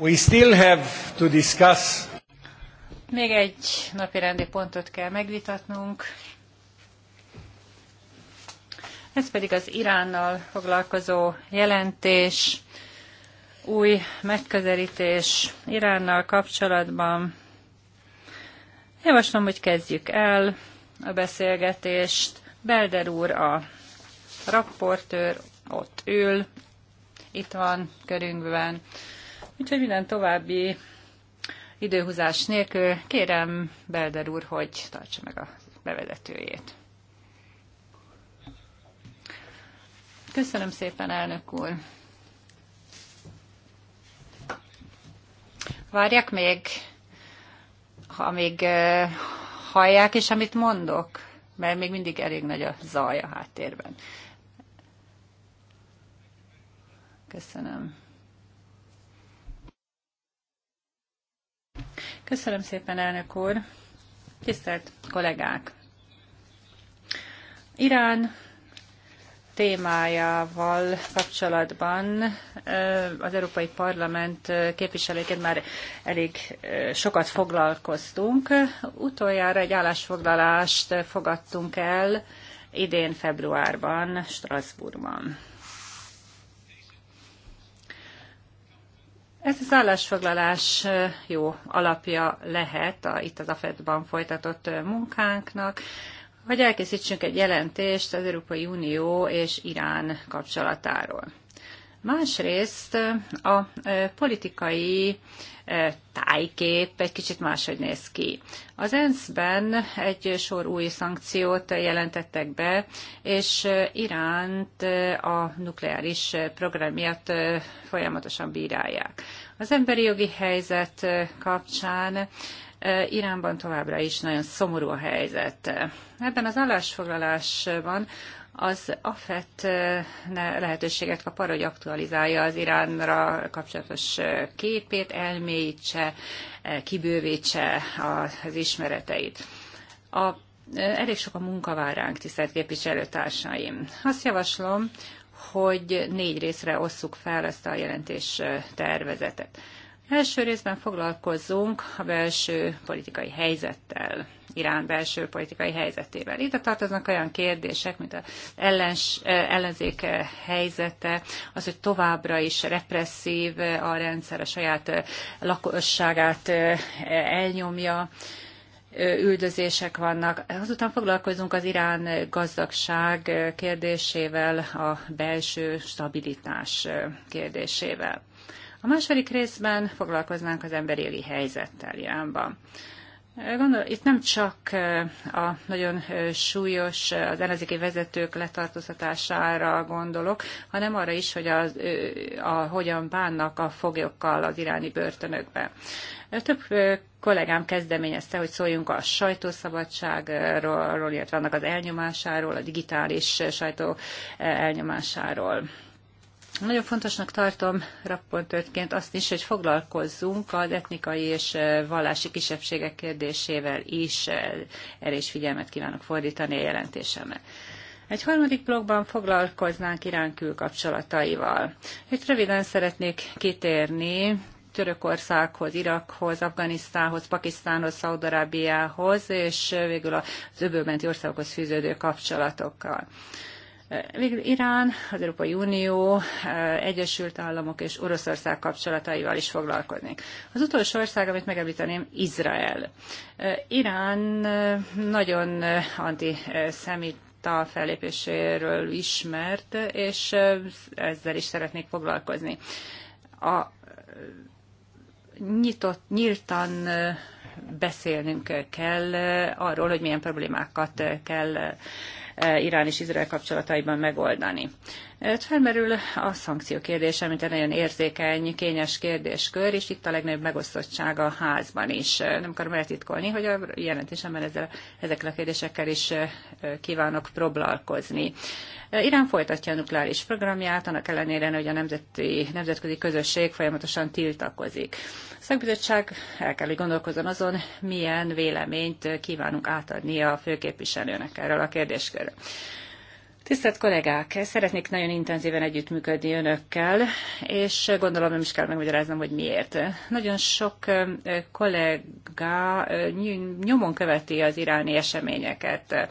We still have to discuss. Még egy napirendi pontot kell megvitatnunk. Ez pedig az Iránnal foglalkozó jelentés, új megközelítés Iránnal kapcsolatban. Javaslom, hogy kezdjük el a beszélgetést. Belder úr a rapportőr, ott ül, itt van körünkben. Úgyhogy minden további időhúzás nélkül kérem Belder úr, hogy tartsa meg a bevezetőjét. Köszönöm szépen, elnök úr! Várják még, ha még hallják is, amit mondok, mert még mindig elég nagy a zaj a háttérben. Köszönöm. Köszönöm szépen, elnök úr. Tisztelt kollégák! Irán témájával kapcsolatban az Európai Parlament képviselőként már elég sokat foglalkoztunk. Utoljára egy állásfoglalást fogadtunk el idén februárban Strasbourgban. Ez az állásfoglalás jó alapja lehet a, itt az AFED-ban folytatott munkánknak, hogy elkészítsünk egy jelentést az Európai Unió és Irán kapcsolatáról. Másrészt a politikai tájkép egy kicsit máshogy néz ki. Az ENSZ-ben egy sor új szankciót jelentettek be, és Iránt a nukleáris program miatt folyamatosan bírálják. Az emberi jogi helyzet kapcsán Iránban továbbra is nagyon szomorú a helyzet. Ebben az állásfoglalásban az AFET lehetőséget kap arra, hogy aktualizálja az Iránra kapcsolatos képét, elmélyítse, kibővítse az ismereteit. A, elég sok a munka vár ránk, tisztelt képviselőtársaim. Azt javaslom, hogy négy részre osszuk fel ezt a jelentés tervezetet. Első részben foglalkozzunk a belső politikai helyzettel, Irán belső politikai helyzetével. Ide tartoznak olyan kérdések, mint az ellens, eh, ellenzék eh, helyzete, az, hogy továbbra is represszív eh, a rendszer, a saját lakosságát elnyomja, üldözések vannak. Azután foglalkozunk az Irán gazdagság kérdésével, a belső stabilitás kérdésével. A második részben foglalkoznánk az éli helyzettel Iránban. Gondol, itt nem csak eh, a nagyon eh, súlyos eh, az ellenzéki vezetők letartóztatására gondolok, hanem arra is, hogy az, a, hogyan bánnak a foglyokkal az iráni börtönökben. Több kollégám kezdeményezte, hogy szóljunk a sajtószabadságról, illetve annak az elnyomásáról, a digitális sajtó elnyomásáról. Nagyon fontosnak tartom rapportőrként azt is, hogy foglalkozzunk az etnikai és vallási kisebbségek kérdésével is. Erre is figyelmet kívánok fordítani a jelentésemre. Egy harmadik blogban foglalkoznánk Irán külkapcsolataival. Itt röviden szeretnék kitérni Törökországhoz, Irakhoz, Afganisztánhoz, Pakisztánhoz, Szaudarábiához, és végül az öbölmenti országokhoz fűződő kapcsolatokkal. Végül Irán, az Európai Unió, Egyesült Államok és Oroszország kapcsolataival is foglalkoznék. Az utolsó ország, amit megemlíteném, Izrael. Irán nagyon anti a fellépéséről ismert, és ezzel is szeretnék foglalkozni. A nyitott, nyíltan beszélnünk kell arról, hogy milyen problémákat kell Irán és Izrael kapcsolataiban megoldani. Felmerül a szankció kérdése, mint egy nagyon érzékeny, kényes kérdéskör, és itt a legnagyobb megosztottság a házban is. Nem akarom eltitkolni, hogy a jelentésemben ezzel, ezekkel a kérdésekkel is kívánok próbálkozni. Irán folytatja a nukleáris programját, annak ellenére, hogy a nemzeti, nemzetközi közösség folyamatosan tiltakozik. A szakbizottság el kell, hogy gondolkozzon azon, milyen véleményt kívánunk átadni a főképviselőnek erről a kérdéskörről. Tisztelt kollégák, szeretnék nagyon intenzíven együttműködni önökkel, és gondolom nem is kell megmagyaráznom, hogy miért. Nagyon sok kollega nyomon követi az iráni eseményeket.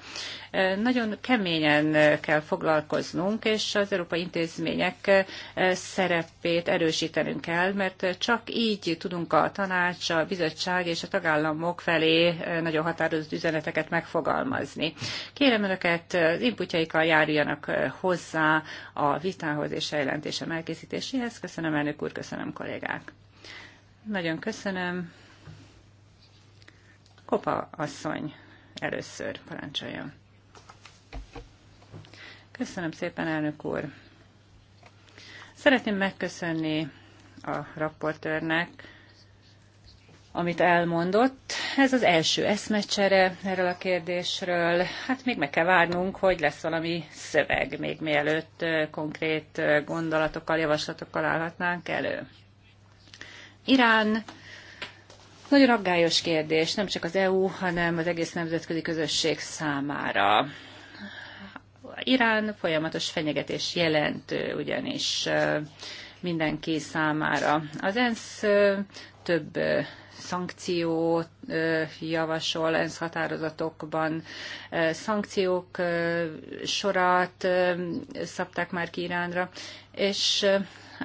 Nagyon keményen kell foglalkoznunk, és az európai intézmények szerepét erősítenünk kell, mert csak így tudunk a tanács, a bizottság és a tagállamok felé nagyon határozott üzeneteket megfogalmazni. Kérem önöket, az inputjaikkal jár járuljanak hozzá a vitához és a jelentésem elkészítéséhez. Köszönöm, elnök úr, köszönöm, kollégák. Nagyon köszönöm. Kopa asszony először parancsoljon. Köszönöm szépen, elnök úr. Szeretném megköszönni a raportőrnek, amit elmondott. Ez az első eszmecsere erről a kérdésről. Hát még meg kell várnunk, hogy lesz valami szöveg, még mielőtt konkrét gondolatokkal, javaslatokkal állhatnánk elő. Irán nagyon aggályos kérdés, nem csak az EU, hanem az egész nemzetközi közösség számára. Irán folyamatos fenyegetés jelent ugyanis mindenki számára. Az ENSZ több szankciót javasol ENSZ határozatokban. Szankciók sorát szabták már ki Iránra, és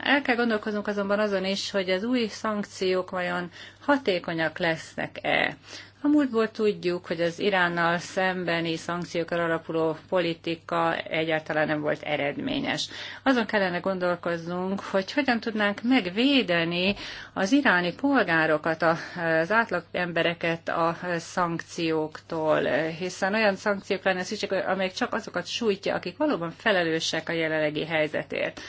el kell gondolkoznunk azonban azon is, hogy az új szankciók vajon hatékonyak lesznek-e. A múltból tudjuk, hogy az Iránnal szembeni szankciókkal alapuló politika egyáltalán nem volt eredményes. Azon kellene gondolkoznunk, hogy hogyan tudnánk megvédeni az iráni polgárokat, az átlag embereket a szankcióktól, hiszen olyan szankciók lenne szükség, amelyek csak azokat sújtja, akik valóban felelősek a jelenlegi helyzetért.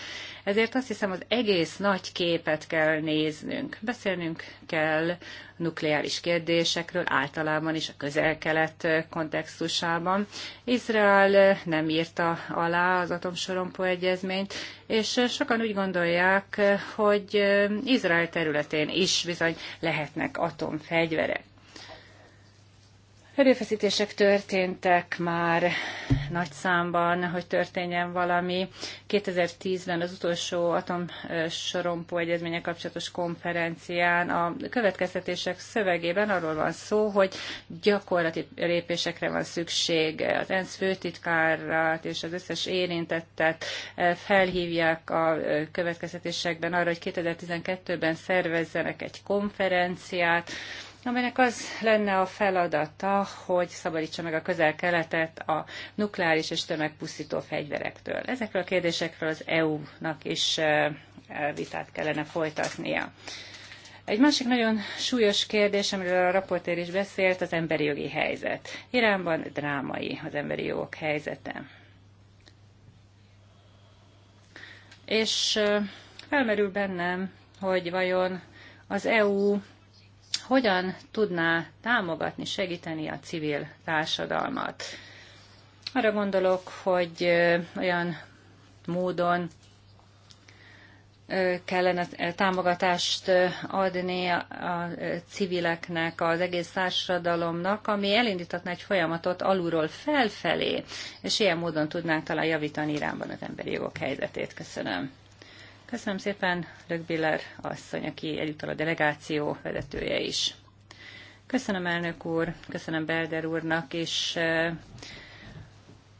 Ezért azt hiszem, az egész nagy képet kell néznünk. Beszélnünk kell nukleáris kérdésekről általában is a közel-kelet kontextusában. Izrael nem írta alá az atomsorompó egyezményt, és sokan úgy gondolják, hogy Izrael területén is bizony lehetnek atomfegyverek. Erőfeszítések történtek már nagy számban, hogy történjen valami. 2010-ben az utolsó atomsorompó egyezménye kapcsolatos konferencián a következtetések szövegében arról van szó, hogy gyakorlati lépésekre van szükség. Az ENSZ főtitkárát és az összes érintettet felhívják a következtetésekben arra, hogy 2012-ben szervezzenek egy konferenciát, amelynek az lenne a feladata, hogy szabadítsa meg a közel-keletet a nukleáris és tömegpusztító fegyverektől. Ezekről a kérdésekről az EU-nak is vitát kellene folytatnia. Egy másik nagyon súlyos kérdés, amiről a raportér is beszélt, az emberi jogi helyzet. Iránban drámai az emberi jogok helyzete. És felmerül bennem, hogy vajon az EU hogyan tudná támogatni, segíteni a civil társadalmat. Arra gondolok, hogy olyan módon kellene támogatást adni a civileknek, az egész társadalomnak, ami elindítatna egy folyamatot alulról felfelé, és ilyen módon tudnánk talán javítani Iránban az emberi jogok helyzetét. Köszönöm. Köszönöm szépen Rögbiller asszony, aki egyúttal a delegáció vezetője is. Köszönöm elnök úr, köszönöm Belder úrnak, és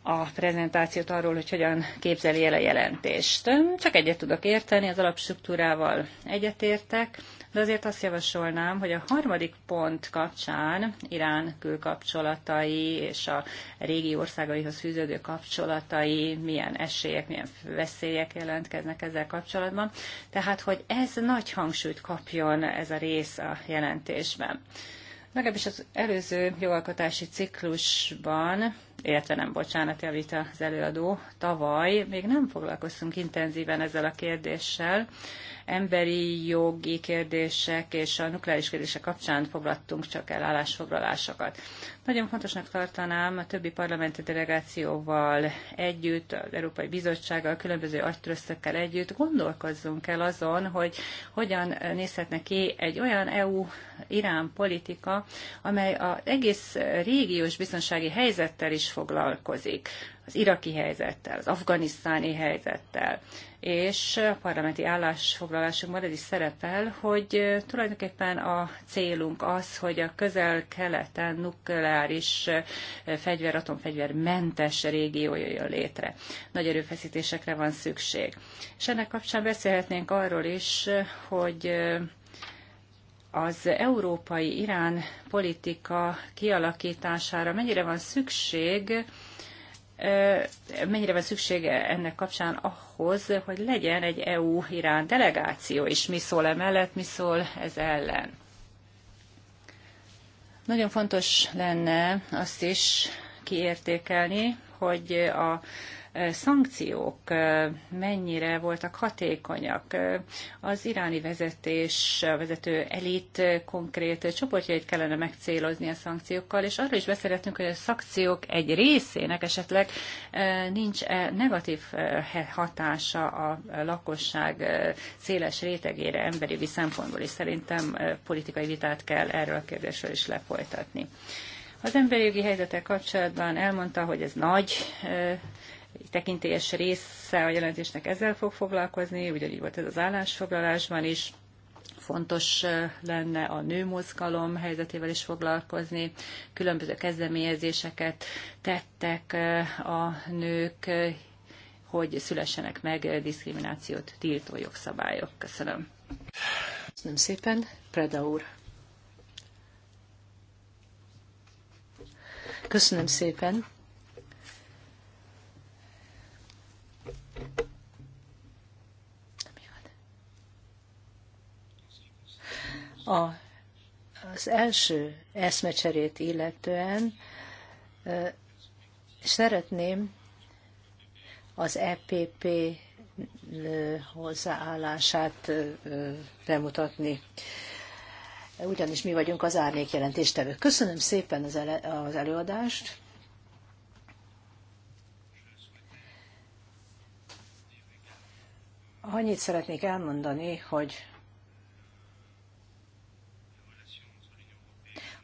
a prezentációt arról, hogy hogyan képzeli el a jelentést. Csak egyet tudok érteni, az alapstruktúrával egyetértek, de azért azt javasolnám, hogy a harmadik pont kapcsán Irán külkapcsolatai és a régi országaihoz fűződő kapcsolatai, milyen esélyek, milyen veszélyek jelentkeznek ezzel kapcsolatban. Tehát, hogy ez nagy hangsúlyt kapjon ez a rész a jelentésben. Legalábbis az előző jogalkotási ciklusban értenem, bocsánat, javít az előadó. Tavaly még nem foglalkoztunk intenzíven ezzel a kérdéssel. Emberi jogi kérdések és a nukleáris kérdések kapcsán foglattunk csak el állásfoglalásokat. Nagyon fontosnak tartanám a többi parlamenti delegációval együtt, az Európai Bizottsággal, a különböző agytrösztökkel együtt gondolkozzunk el azon, hogy hogyan nézhetne ki egy olyan EU irán politika, amely az egész régiós biztonsági helyzettel is foglalkozik az iraki helyzettel, az afganisztáni helyzettel, és a parlamenti állásfoglalásunkban ez is szerepel, hogy tulajdonképpen a célunk az, hogy a közel-keleten nukleáris fegyver, atomfegyver mentes régió jöjjön létre. Nagy erőfeszítésekre van szükség. És ennek kapcsán beszélhetnénk arról is, hogy az európai Irán politika kialakítására mennyire van szükség, mennyire van szüksége ennek kapcsán ahhoz, hogy legyen egy EU-Irán delegáció, is mi szól emellett, mi szól ez ellen. Nagyon fontos lenne azt is kiértékelni, hogy a szankciók mennyire voltak hatékonyak. Az iráni vezetés, a vezető elit konkrét csoportjait kellene megcélozni a szankciókkal, és arról is beszélhetünk, hogy a szankciók egy részének esetleg nincs -e negatív hatása a lakosság széles rétegére emberi szempontból, és szerintem politikai vitát kell erről a kérdésről is lefolytatni. Az emberi jogi helyzetek kapcsolatban elmondta, hogy ez nagy tekintélyes része a jelentésnek ezzel fog foglalkozni, ugyanígy volt ez az állásfoglalásban is. Fontos lenne a nőmozgalom helyzetével is foglalkozni. Különböző kezdeményezéseket tettek a nők, hogy szülessenek meg diszkriminációt tiltó jogszabályok. Köszönöm. Köszönöm szépen. Preda úr. Köszönöm szépen. A, az első eszmecserét illetően szeretném az EPP hozzáállását bemutatni. Ugyanis mi vagyunk az árnyék jelentéstevők. Köszönöm szépen az, ele, az előadást. Annyit szeretnék elmondani, hogy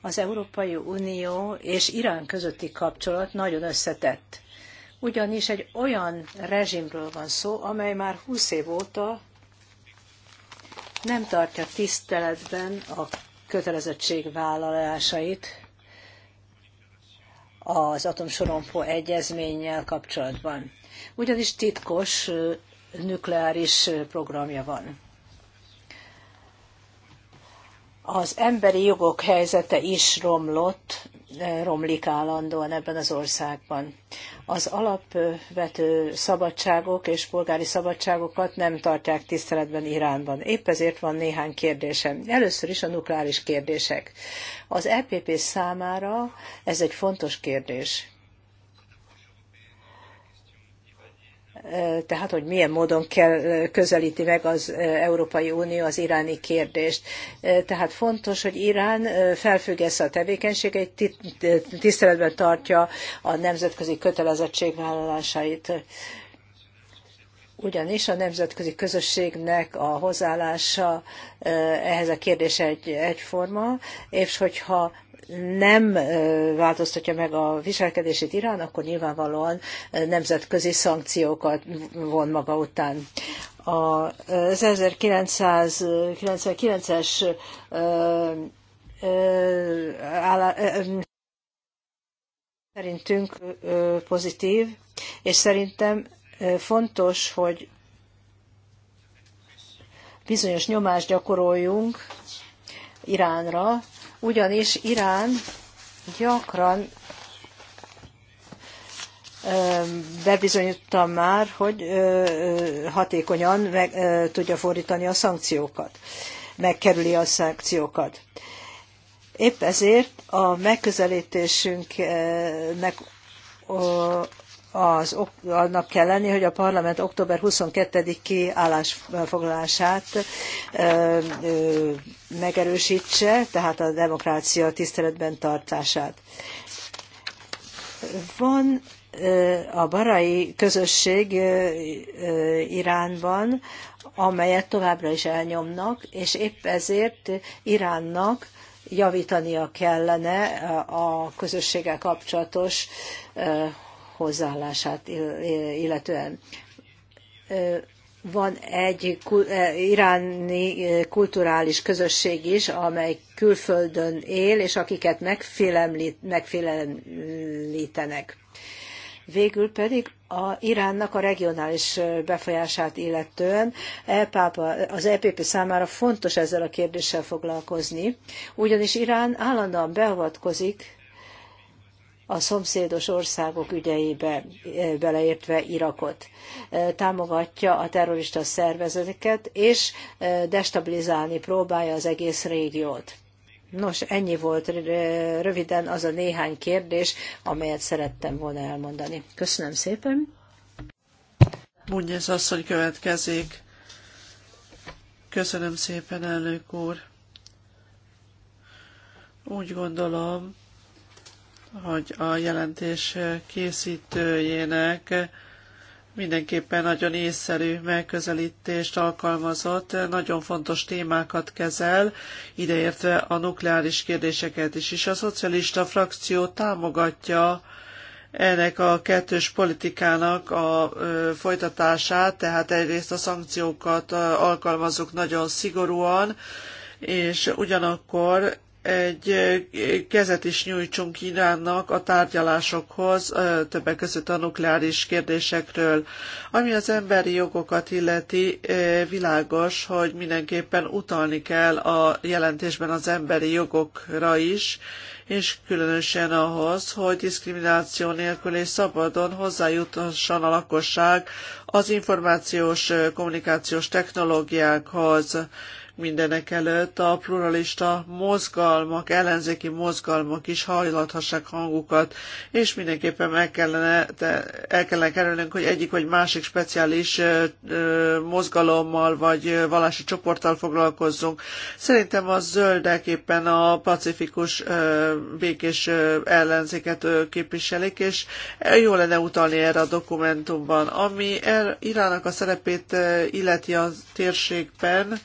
az Európai Unió és Irán közötti kapcsolat nagyon összetett. Ugyanis egy olyan rezsimről van szó, amely már 20 év óta nem tartja tiszteletben a kötelezettségvállalásait az atomsorompó egyezménnyel kapcsolatban. Ugyanis titkos nukleáris programja van. Az emberi jogok helyzete is romlott, romlik állandóan ebben az országban. Az alapvető szabadságok és polgári szabadságokat nem tartják tiszteletben Iránban. Épp ezért van néhány kérdésem. Először is a nukleáris kérdések. Az EPP számára ez egy fontos kérdés. tehát hogy milyen módon kell közelíti meg az Európai Unió az iráni kérdést. Tehát fontos, hogy Irán felfüggesz a tevékenységeit, tiszteletben tartja a nemzetközi kötelezettségvállalásait. Ugyanis a nemzetközi közösségnek a hozzáállása ehhez a kérdés egy, egyforma, és hogyha nem változtatja meg a viselkedését Irán, akkor nyilvánvalóan nemzetközi szankciókat von maga után. A 1999-es szerintünk pozitív, és szerintem fontos, hogy bizonyos nyomást gyakoroljunk Iránra, ugyanis Irán gyakran bebizonyítottam már, hogy hatékonyan meg tudja fordítani a szankciókat, megkerüli a szankciókat. Épp ezért a megközelítésünknek az, annak kell lenni, hogy a parlament október 22-i állásfoglalását ö, ö, megerősítse, tehát a demokrácia tiszteletben tartását. Van a barai közösség Iránban, amelyet továbbra is elnyomnak, és épp ezért Iránnak javítania kellene a közösséggel kapcsolatos hozzáállását illetően. Van egy iráni kulturális közösség is, amely külföldön él, és akiket megfélemlítenek. Végül pedig a Iránnak a regionális befolyását illetően az EPP számára fontos ezzel a kérdéssel foglalkozni, ugyanis Irán állandóan beavatkozik a szomszédos országok ügyeibe, e, beleértve Irakot. E, támogatja a terrorista szervezeteket, és e, destabilizálni próbálja az egész régiót. Nos, ennyi volt röviden az a néhány kérdés, amelyet szerettem volna elmondani. Köszönöm szépen. Munyez asszony következik. Köszönöm szépen, elnök úr. Úgy gondolom, hogy a jelentés készítőjének mindenképpen nagyon észszerű megközelítést alkalmazott, nagyon fontos témákat kezel, ideértve a nukleáris kérdéseket is. És a szocialista frakció támogatja ennek a kettős politikának a folytatását, tehát egyrészt a szankciókat alkalmazzuk nagyon szigorúan, és ugyanakkor egy kezet is nyújtsunk Iránnak a tárgyalásokhoz, többek között a nukleáris kérdésekről. Ami az emberi jogokat illeti, világos, hogy mindenképpen utalni kell a jelentésben az emberi jogokra is, és különösen ahhoz, hogy diszkrimináció nélkül és szabadon hozzájuthasson a lakosság az információs kommunikációs technológiákhoz mindenek előtt a pluralista mozgalmak, ellenzéki mozgalmak is hajlathassák hangukat, és mindenképpen meg kellene, de el kellene kerülnünk, hogy egyik vagy másik speciális mozgalommal vagy vallási csoporttal foglalkozzunk. Szerintem a zöldek éppen a pacifikus békés ellenzéket képviselik, és jó lenne utalni erre a dokumentumban. Ami er, Iránnak a szerepét illeti a térségben,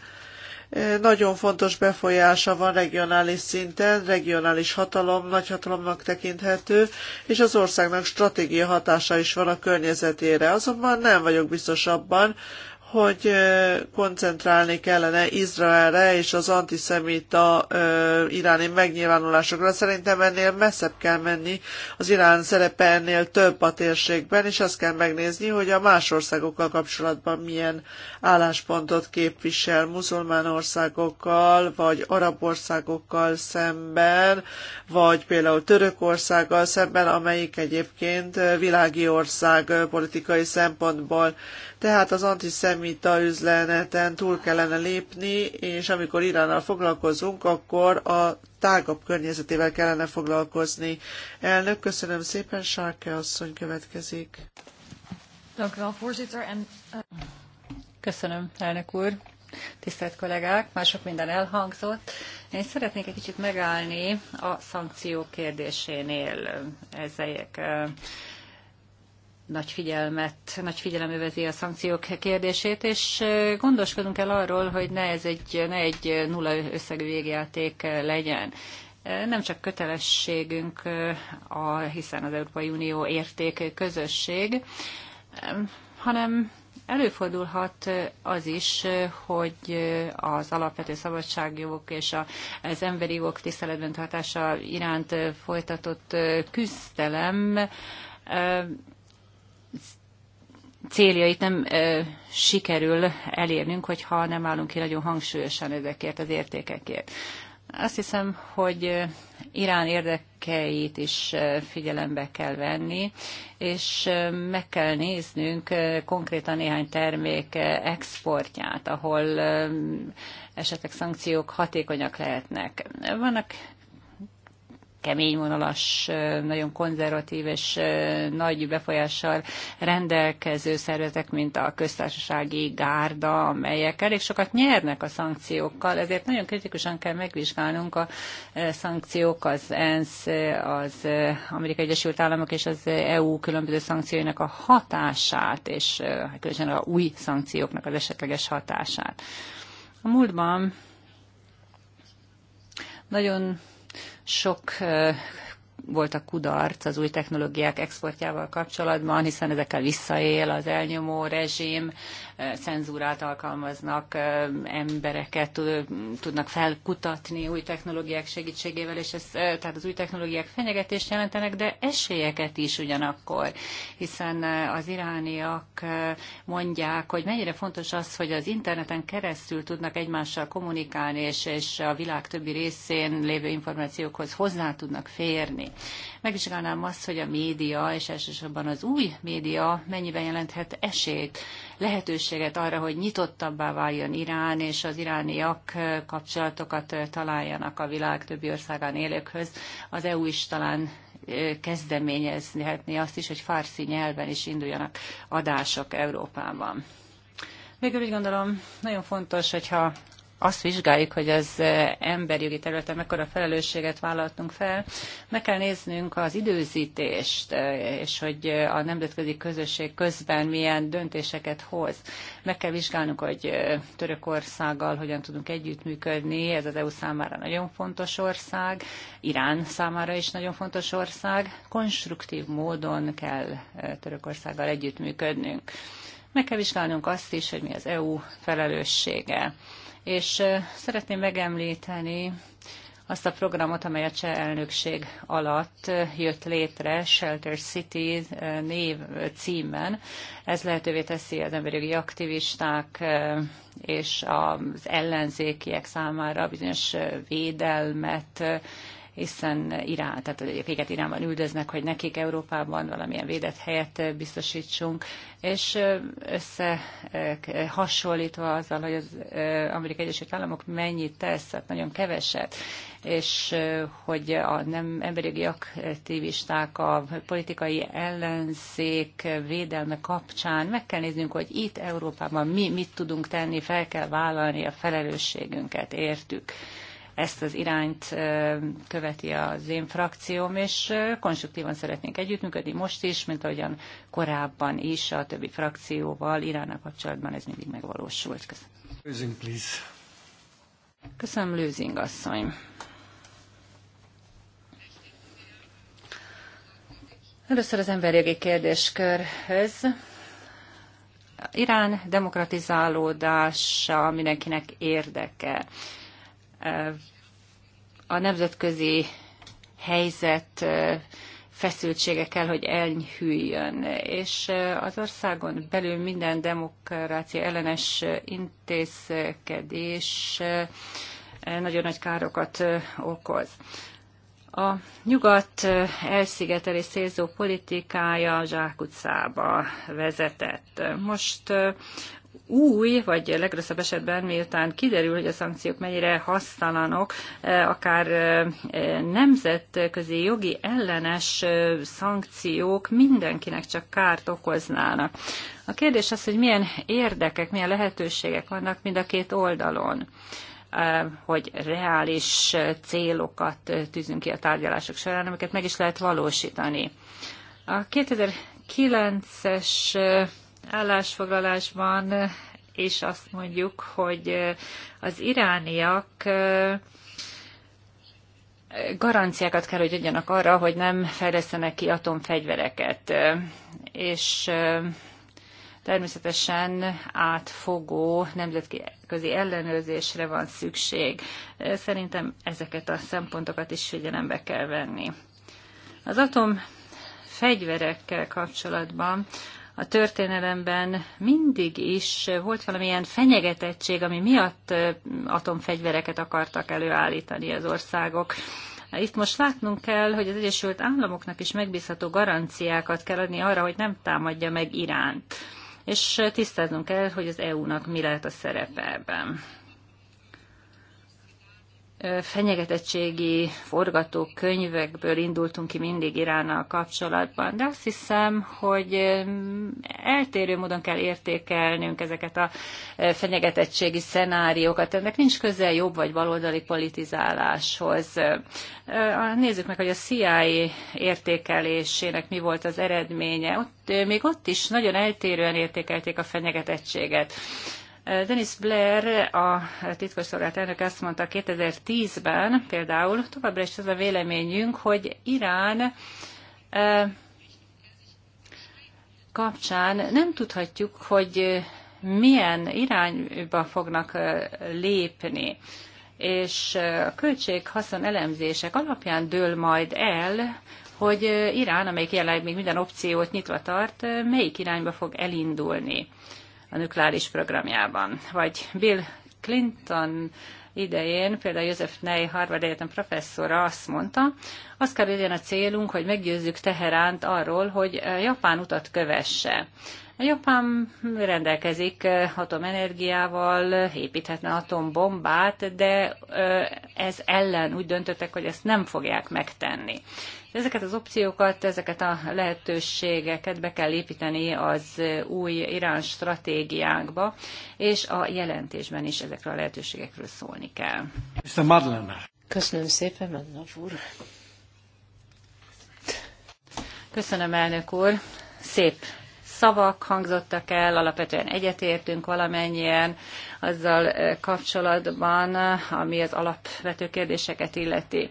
nagyon fontos befolyása van regionális szinten, regionális hatalom, nagyhatalomnak hatalomnak tekinthető, és az országnak stratégia hatása is van a környezetére. Azonban nem vagyok biztos abban, hogy koncentrálni kellene Izraelre és az antiszemita iráni megnyilvánulásokra. Szerintem ennél messzebb kell menni, az Irán szerepe ennél több a térségben, és azt kell megnézni, hogy a más országokkal kapcsolatban milyen álláspontot képvisel muzulmán országokkal, vagy arab országokkal szemben, vagy például Törökországgal szemben, amelyik egyébként világi ország politikai szempontból. Tehát az antiszemita a üzleneten túl kellene lépni, és amikor Iránnal foglalkozunk, akkor a tágabb környezetével kellene foglalkozni. Elnök, köszönöm szépen, Sárke asszony következik. Eh, köszönöm, elnök úr. Tisztelt kollégák, már sok minden elhangzott. Én szeretnék egy kicsit megállni a szankciók kérdésénél. Ezek eh, nagy figyelmet, nagy figyelem övezi a szankciók kérdését, és gondoskodunk el arról, hogy ne ez egy, ne egy nulla összegű végjáték legyen. Nem csak kötelességünk, a, hiszen az Európai Unió érték közösség, hanem előfordulhat az is, hogy az alapvető szabadságjogok és az emberi jogok tiszteletben tartása iránt folytatott küzdelem céljait nem ö, sikerül elérnünk, hogyha nem állunk ki nagyon hangsúlyosan ezekért az értékekért. Azt hiszem, hogy Irán érdekeit is figyelembe kell venni, és meg kell néznünk konkrétan néhány termék exportját, ahol esetleg szankciók hatékonyak lehetnek. Vannak keményvonalas, nagyon konzervatív és nagy befolyással rendelkező szervezetek, mint a köztársasági gárda, amelyek elég sokat nyernek a szankciókkal, ezért nagyon kritikusan kell megvizsgálnunk a szankciók, az ENSZ, az Amerikai Egyesült Államok és az EU különböző szankcióinak a hatását, és különösen a új szankcióknak az esetleges hatását. A múltban nagyon sok volt a kudarc az új technológiák exportjával kapcsolatban, hiszen ezekkel visszaél az elnyomó rezsim, cenzúrát alkalmaznak, embereket tudnak felkutatni új technológiák segítségével, és ez, tehát az új technológiák fenyegetést jelentenek, de esélyeket is ugyanakkor, hiszen az irániak mondják, hogy mennyire fontos az, hogy az interneten keresztül tudnak egymással kommunikálni, és, és a világ többi részén lévő információkhoz hozzá tudnak férni. Megvizsgálnám azt, hogy a média, és elsősorban az új média mennyiben jelenthet esélyt lehetőséget arra, hogy nyitottabbá váljon Irán, és az irániak kapcsolatokat találjanak a világ többi országán élőkhöz. Az EU is talán kezdeményezhetné azt is, hogy farsi nyelven is induljanak adások Európában. Végül úgy gondolom, nagyon fontos, hogyha azt vizsgáljuk, hogy az eh, emberjogi területen mekkora felelősséget vállaltunk fel, meg kell néznünk az időzítést, eh, és hogy eh, a nemzetközi közösség közben milyen döntéseket hoz. Meg kell vizsgálnunk, hogy Törökországgal hogyan tudunk együttműködni, ez az EU számára nagyon fontos ország, Irán számára is nagyon fontos ország. Konstruktív módon kell Törökországgal együttműködnünk. Meg kell vizsgálnunk azt is, hogy mi az EU felelőssége és szeretném megemlíteni azt a programot, amely a cseh elnökség alatt jött létre, Shelter City név címen. Ez lehetővé teszi az emberi aktivisták és az ellenzékiek számára bizonyos védelmet, hiszen Irán, tehát akiket Iránban üldöznek, hogy nekik Európában valamilyen védett helyet biztosítsunk, és összehasonlítva azzal, hogy az Amerikai Egyesült Államok mennyit tesz, hát nagyon keveset, és hogy a nem emberi aktivisták, a politikai ellenzék védelme kapcsán meg kell néznünk, hogy itt Európában mi mit tudunk tenni, fel kell vállalni a felelősségünket, értük ezt az irányt követi az én frakcióm, és konstruktívan szeretnénk együttműködni most is, mint ahogyan korábban is a többi frakcióval Iránnal kapcsolatban ez mindig megvalósult. Köszönöm. Köszönöm, Lőzing asszony. Először az emberjogi kérdéskörhöz. Irán demokratizálódása mindenkinek érdeke a nemzetközi helyzet feszültsége kell, hogy elnyhüljön, és az országon belül minden demokrácia ellenes intézkedés nagyon nagy károkat okoz. A nyugat elszigeteli szélzó politikája zsákutcába vezetett. Most új, vagy legrosszabb esetben, miután kiderül, hogy a szankciók mennyire hasztalanok, e, akár e, e, nemzetközi jogi ellenes szankciók mindenkinek csak kárt okoznának. A kérdés az, hogy milyen érdekek, milyen lehetőségek vannak mind a két oldalon hogy reális célokat tűzünk ki a tárgyalások során, amiket meg is lehet valósítani. A 2009-es állásfoglalásban és azt mondjuk, hogy az irániak garanciákat kell, hogy adjanak arra, hogy nem fejlesztenek ki atomfegyvereket. És természetesen átfogó nemzetközi ellenőrzésre van szükség. Szerintem ezeket a szempontokat is figyelembe kell venni. Az atom fegyverekkel kapcsolatban a történelemben mindig is volt valamilyen fenyegetettség, ami miatt atomfegyvereket akartak előállítani az országok. Itt most látnunk kell, hogy az Egyesült Államoknak is megbízható garanciákat kell adni arra, hogy nem támadja meg Iránt. És tisztáznunk kell, hogy az EU-nak mi lehet a szerepe ebben fenyegetettségi forgatókönyvekből indultunk ki mindig Iránnal kapcsolatban, de azt hiszem, hogy eltérő módon kell értékelnünk ezeket a fenyegetettségi szenáriókat. Ennek nincs közel jobb vagy baloldali politizáláshoz. Nézzük meg, hogy a CIA értékelésének mi volt az eredménye. Ott, még ott is nagyon eltérően értékelték a fenyegetettséget. Dennis Blair, a titkosszolgált elnök azt mondta 2010-ben például, továbbra is az a véleményünk, hogy Irán kapcsán nem tudhatjuk, hogy milyen irányba fognak lépni, és a költség-haszon elemzések alapján dől majd el, hogy Irán, amelyik jelenleg még minden opciót nyitva tart, melyik irányba fog elindulni a nukleáris programjában. Vagy Bill Clinton idején, például József Ney Harvard Egyetem professzora azt mondta, az kell legyen a célunk, hogy meggyőzzük Teheránt arról, hogy eh, Japán utat kövesse. Japán rendelkezik atomenergiával, építhetne atombombát, de ez ellen úgy döntöttek, hogy ezt nem fogják megtenni. Ezeket az opciókat, ezeket a lehetőségeket be kell építeni az új Irán stratégiánkba, és a jelentésben is ezekre a lehetőségekről szólni kell. Köszönöm szépen, Madlener úr. Köszönöm, elnök úr. Szép szavak hangzottak el, alapvetően egyetértünk valamennyien azzal eh, kapcsolatban, eh, ami az alapvető kérdéseket illeti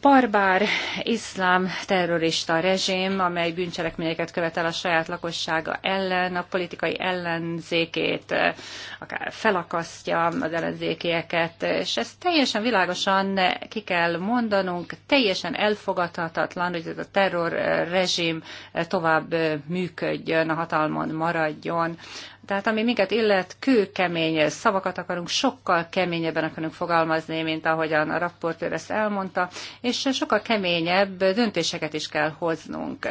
barbár iszlám terrorista rezsim, amely bűncselekményeket követel a saját lakossága ellen, a politikai ellenzékét, eh, akár felakasztja az ellenzékieket, és ezt teljesen világosan ki kell mondanunk, teljesen elfogadhatatlan, hogy ez a terror eh, rezsim eh, tovább működjön, a hatalmon maradjon. Tehát ami minket illet, kőkemény szavakat akarunk, sokkal keményebben akarunk fogalmazni, mint ahogyan a rapportőr ezt elmondta, és sokkal keményebb döntéseket is kell hoznunk.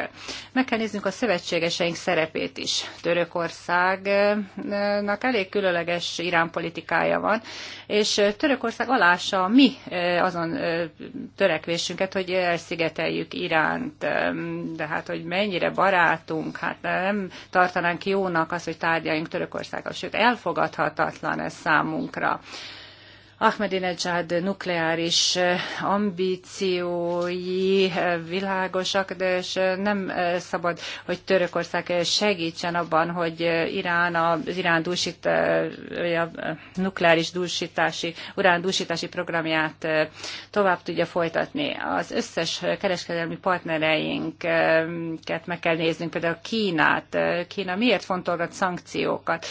Meg kell néznünk a szövetségeseink szerepét is. Törökországnak elég különleges iránpolitikája van, és Törökország alása mi azon törekvésünket, hogy elszigeteljük Iránt, de hát, hogy mennyire barátunk, hát nem tartanánk jónak az, hogy tárgyaljunk Törökországgal, sőt elfogadhatatlan ez számunkra. Ahmadinejad nukleáris eh, ambíciói eh, világosak, de eh, nem szabad, hogy Törökország segítsen abban, hogy Irán az Irán dúsít, a nukleáris dúsítási, urán dúsítási programját tovább tudja folytatni. Az összes kereskedelmi partnereinket meg kell néznünk, például Kínát. Kína miért fontolgat szankciókat?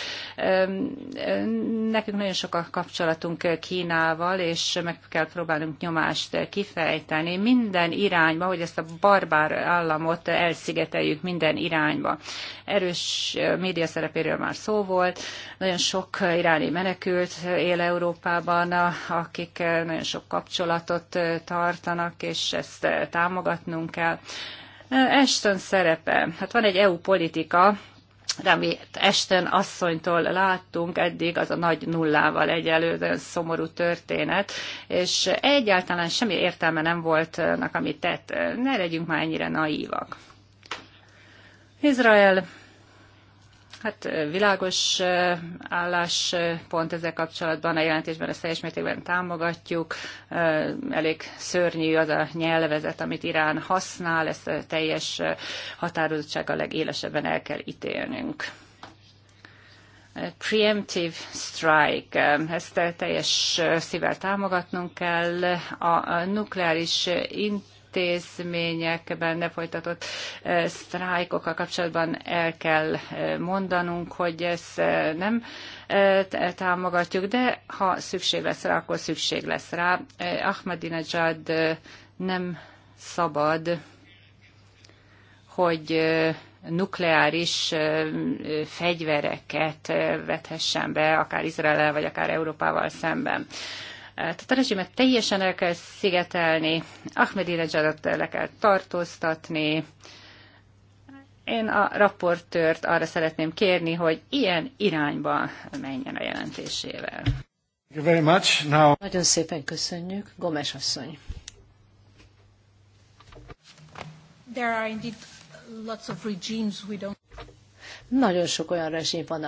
Nekünk nagyon sok a kapcsolatunk Kínát Kínával, és meg kell próbálnunk nyomást kifejteni minden irányba, hogy ezt a barbár államot elszigeteljük minden irányba. Erős média szerepéről már szó volt, nagyon sok iráni menekült él Európában, akik nagyon sok kapcsolatot tartanak, és ezt támogatnunk kell. Ashton szerepe. Hát van egy EU politika, de amit Esten asszonytól láttunk eddig, az a nagy nullával egyelő, nagyon szomorú történet, és egyáltalán semmi értelme nem volt amit tett. Ne legyünk már ennyire naívak. Izrael Hát világos álláspont ezzel kapcsolatban, a jelentésben a teljes mértékben támogatjuk. Elég szörnyű az a nyelvezet, amit Irán használ, ezt teljes határozottsággal legélesebben el kell ítélnünk. Preemptive strike, ezt teljes szívvel támogatnunk kell. A nukleáris int intézményekben ne folytatott eh, sztrájkokkal kapcsolatban el kell eh, mondanunk, hogy ezt eh, nem támogatjuk, de ha szükség lesz rá, akkor szükség lesz rá. Ahmadinejad nem szabad, hogy nukleáris fegyvereket vethessen be, akár Izrael vagy akár Európával szemben. Tehát a rezsimet teljesen el kell szigetelni, Ahmedinejadat le kell tartóztatni, én a raportőrt arra szeretném kérni, hogy ilyen irányba menjen a jelentésével. Thank you very much. Now... Nagyon szépen köszönjük. Gomes asszony. There are indeed lots of regimes we don't... Nagyon sok olyan rezsim van,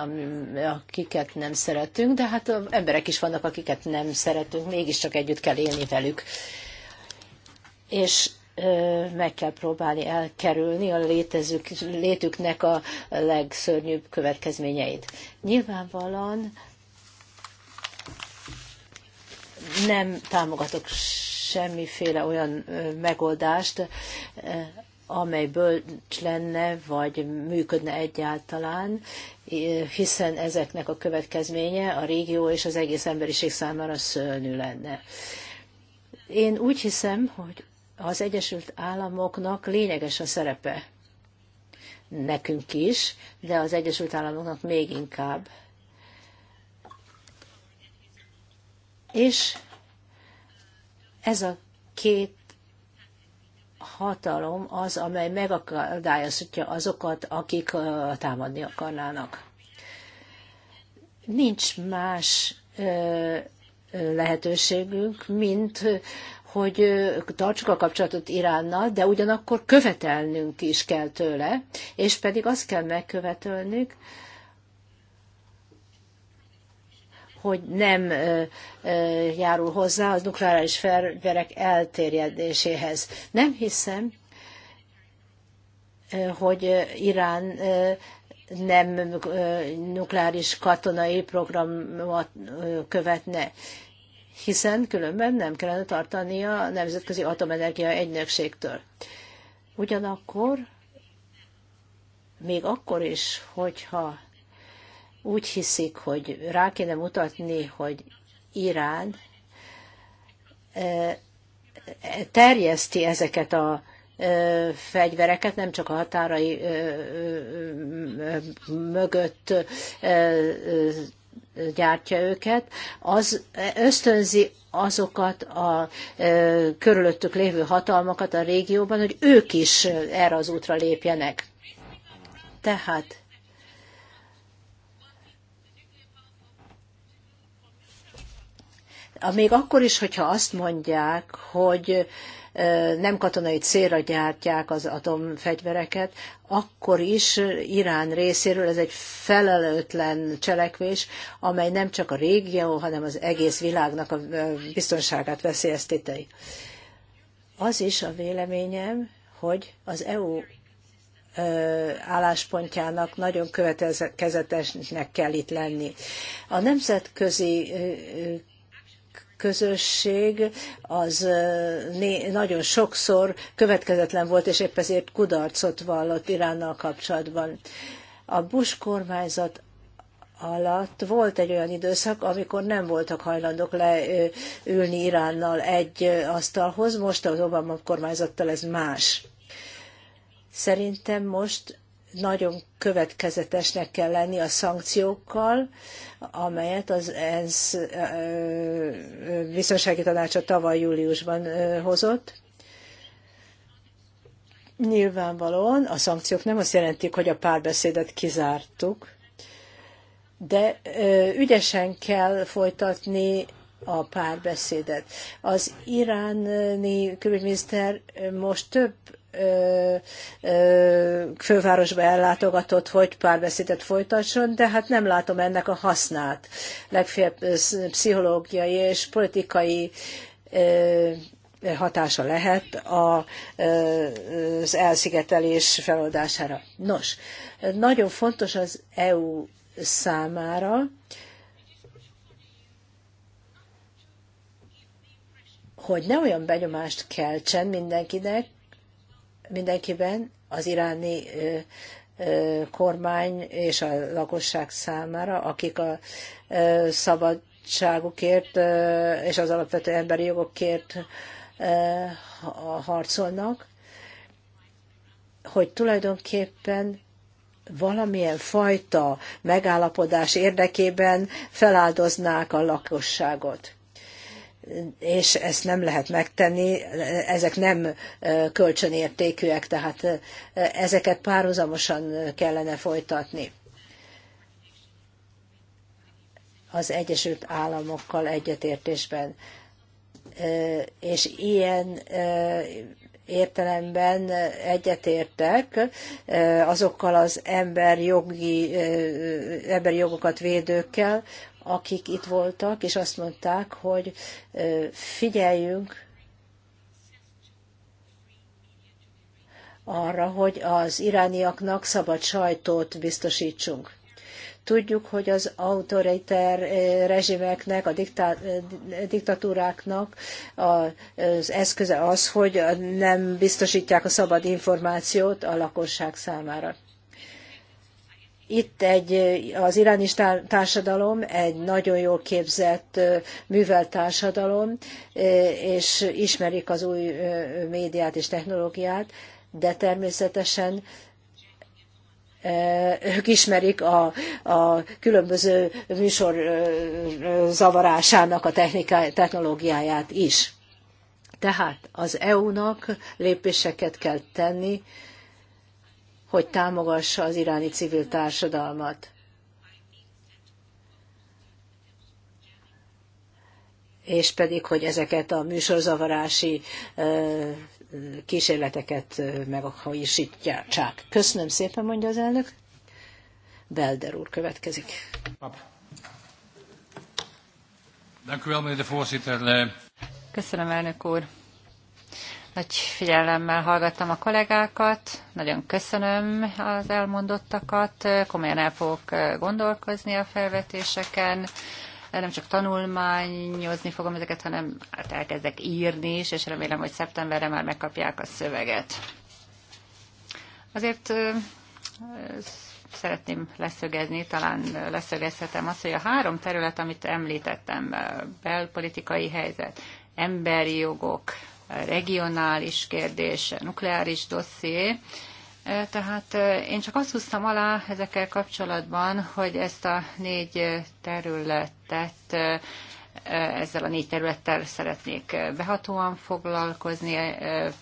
akiket nem szeretünk, de hát emberek is vannak, akiket nem szeretünk, mégiscsak együtt kell élni velük. És meg kell próbálni elkerülni a létezők, létüknek a legszörnyűbb következményeit. Nyilvánvalóan nem támogatok semmiféle olyan megoldást, amely bölcs lenne, vagy működne egyáltalán, hiszen ezeknek a következménye a régió és az egész emberiség számára szörnyű lenne. Én úgy hiszem, hogy az Egyesült Államoknak lényeges a szerepe. Nekünk is, de az Egyesült Államoknak még inkább. És ez a két hatalom az, amely megakadályozhatja azokat, akik támadni akarnának. Nincs más lehetőségünk, mint hogy tartsuk a kapcsolatot Iránnal, de ugyanakkor követelnünk is kell tőle, és pedig azt kell megkövetelnünk, hogy nem járul hozzá az nukleáris fegyverek elterjedéséhez. Nem hiszem, hogy Irán nem nukleáris katonai programot követne hiszen különben nem kellene tartania a Nemzetközi Atomenergia Egynökségtől. Ugyanakkor, még akkor is, hogyha úgy hiszik, hogy rá kéne mutatni, hogy Irán terjeszti ezeket a fegyvereket, nem csak a határai mögött gyártja őket, az ösztönzi azokat a körülöttük lévő hatalmakat a régióban, hogy ők is erre az útra lépjenek. Tehát Még akkor is, hogyha azt mondják, hogy nem katonai célra gyártják az atomfegyvereket, akkor is Irán részéről ez egy felelőtlen cselekvés, amely nem csak a régió, hanem az egész világnak a biztonságát veszélyezteti. Az is a véleményem, hogy az EU álláspontjának nagyon következetesnek kell itt lenni. A nemzetközi közösség az nagyon sokszor következetlen volt, és épp ezért kudarcot vallott Iránnal kapcsolatban. A Bush kormányzat alatt volt egy olyan időszak, amikor nem voltak hajlandók leülni Iránnal egy asztalhoz, most az Obama kormányzattal ez más. Szerintem most nagyon következetesnek kell lenni a szankciókkal, amelyet az ENSZ biztonsági tanácsa tavaly júliusban hozott. Nyilvánvalóan a szankciók nem azt jelentik, hogy a párbeszédet kizártuk, de ügyesen kell folytatni a párbeszédet. Az iráni külügyminiszter most több fővárosba ellátogatott, hogy párbeszédet folytasson, de hát nem látom ennek a hasznát. Legfeljebb pszichológiai és politikai hatása lehet az elszigetelés feloldására. Nos, nagyon fontos az EU számára, hogy ne olyan benyomást keltsen mindenkinek, mindenkiben, az iráni kormány és a lakosság számára, akik a szabadságukért és az alapvető emberi jogokért harcolnak, hogy tulajdonképpen valamilyen fajta megállapodás érdekében feláldoznák a lakosságot és ezt nem lehet megtenni, ezek nem kölcsönértékűek, tehát ezeket párhuzamosan kellene folytatni. Az Egyesült Államokkal egyetértésben. És ilyen értelemben egyetértek azokkal az emberjogi, emberjogokat védőkkel, akik itt voltak, és azt mondták, hogy figyeljünk arra, hogy az irániaknak szabad sajtót biztosítsunk. Tudjuk, hogy az autoriter rezsimeknek, a diktatúráknak az eszköze az, hogy nem biztosítják a szabad információt a lakosság számára itt egy, az iráni társadalom egy nagyon jól képzett művelt társadalom, és ismerik az új médiát és technológiát, de természetesen ők ismerik a, a különböző műsor zavarásának a techniká, technológiáját is. Tehát az EU-nak lépéseket kell tenni, hogy támogassa az iráni civil társadalmat. és pedig, hogy ezeket a műsorzavarási kísérleteket meghajsítják. Köszönöm szépen, mondja az elnök. Belder úr következik. Eh, Köszönöm, elnök úr. Nagy figyelemmel hallgattam a kollégákat, nagyon köszönöm az elmondottakat, komolyan el fogok eh, gondolkozni a felvetéseken, eh, nem csak tanulmányozni fogom ezeket, hanem hát elkezdek írni is, és remélem, hogy szeptemberre már megkapják a szöveget. Azért eh, szeretném leszögezni, talán leszögezhetem azt, hogy a három terület, amit említettem, belpolitikai helyzet, emberi jogok, regionális kérdés, nukleáris dosszié. E, tehát e, én csak azt húztam alá ezekkel kapcsolatban, hogy ezt a négy területet e, ezzel a négy területtel szeretnék behatóan foglalkozni,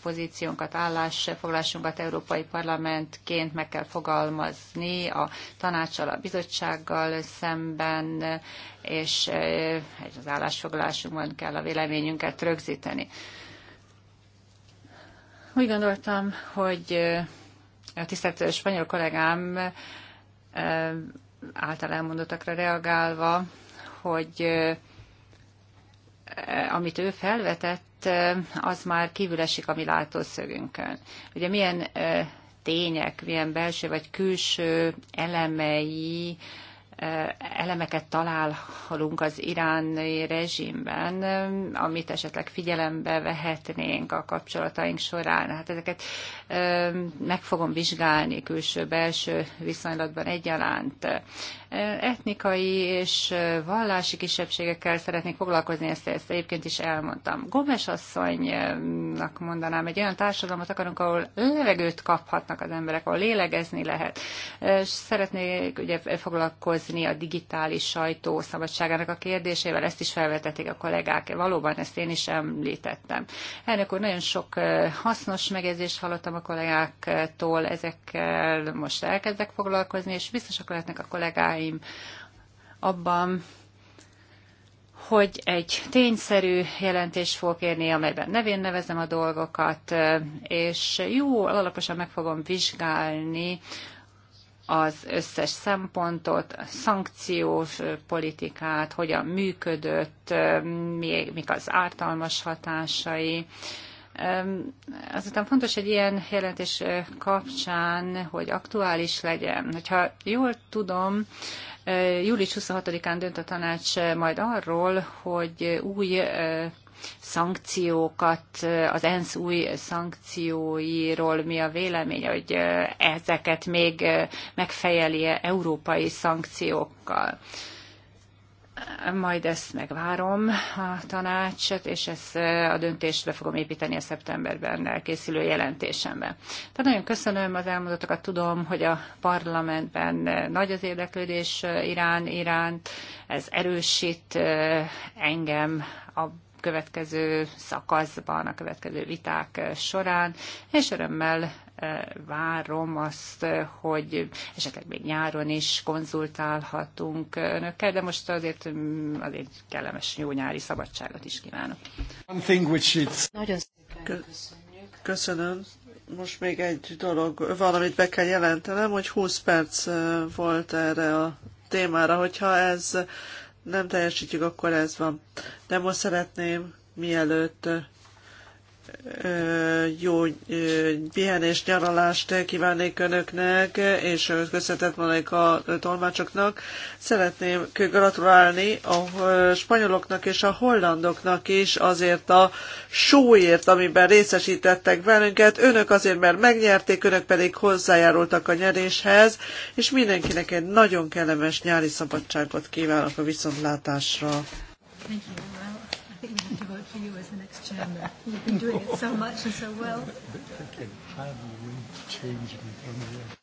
pozíciónkat, állásfoglalásunkat Európai Parlamentként meg kell fogalmazni a tanácsal, a bizottsággal szemben, és az állásfoglalásunkban kell a véleményünket rögzíteni. Úgy gondoltam, hogy a tisztelt spanyol kollégám által elmondottakra reagálva, hogy amit ő felvetett, az már kívül esik a mi látószögünkön. Ugye milyen tények, milyen belső vagy külső elemei elemeket találhalunk az iráni rezsimben, amit esetleg figyelembe vehetnénk a kapcsolataink során. Hát ezeket meg fogom vizsgálni külső-belső viszonylatban egyaránt etnikai és vallási kisebbségekkel szeretnék foglalkozni, ezt, ezt egyébként is elmondtam. Gomes asszonynak mondanám, egy olyan társadalmat akarunk, ahol levegőt kaphatnak az emberek, ahol lélegezni lehet. Szeretnék ugye foglalkozni a digitális sajtó szabadságának a kérdésével, ezt is felvetették a kollégák, valóban ezt én is említettem. Elnök úr, nagyon sok hasznos megjegyzést hallottam a kollégáktól, ezekkel most elkezdek foglalkozni, és biztosak lehetnek a kollégái, barátaim abban, hogy egy tényszerű jelentést fogok érni, amelyben nevén nevezem a dolgokat, és jó, alaposan meg fogom vizsgálni az összes szempontot, a szankciós politikát, hogyan működött, mik az ártalmas hatásai, Azután fontos egy ilyen jelentés eh, kapcsán, hogy aktuális legyen. Hogyha jól tudom, eh, július 26-án dönt a tanács eh, majd arról, hogy új szankciókat, az ENSZ új szankcióiról mi a véleménye, hogy ezeket még megfejeli -e európai szankciókkal majd ezt megvárom a tanácsot, és ezt a döntést be fogom építeni a szeptemberben elkészülő jelentésembe. Tehát nagyon köszönöm az elmondatokat, tudom, hogy a parlamentben nagy az érdeklődés Irán iránt, ez erősít engem a következő szakaszban, a következő viták során, és örömmel várom azt, hogy esetleg még nyáron is konzultálhatunk önökkel, de most azért, azért kellemes jó nyári szabadságot is kívánok. Nagyon szépen köszönjük. Köszönöm. Most még egy dolog, valamit be kell jelentenem, hogy 20 perc volt erre a témára, hogyha ez nem teljesítjük, akkor ez van. De most szeretném, mielőtt jó pihenés, nyaralást kívánnék önöknek, és köszönetet mondanék a tolmácsoknak. Szeretném gratulálni a spanyoloknak és a hollandoknak is azért a sóért, amiben részesítettek velünket. Önök azért, mert megnyerték, önök pedig hozzájárultak a nyeréshez, és mindenkinek egy nagyon kellemes nyári szabadságot kívánok a viszontlátásra. Thank you. Well, I think for you Chairman. You've been doing it so much and so well. Thank you. but, I have change my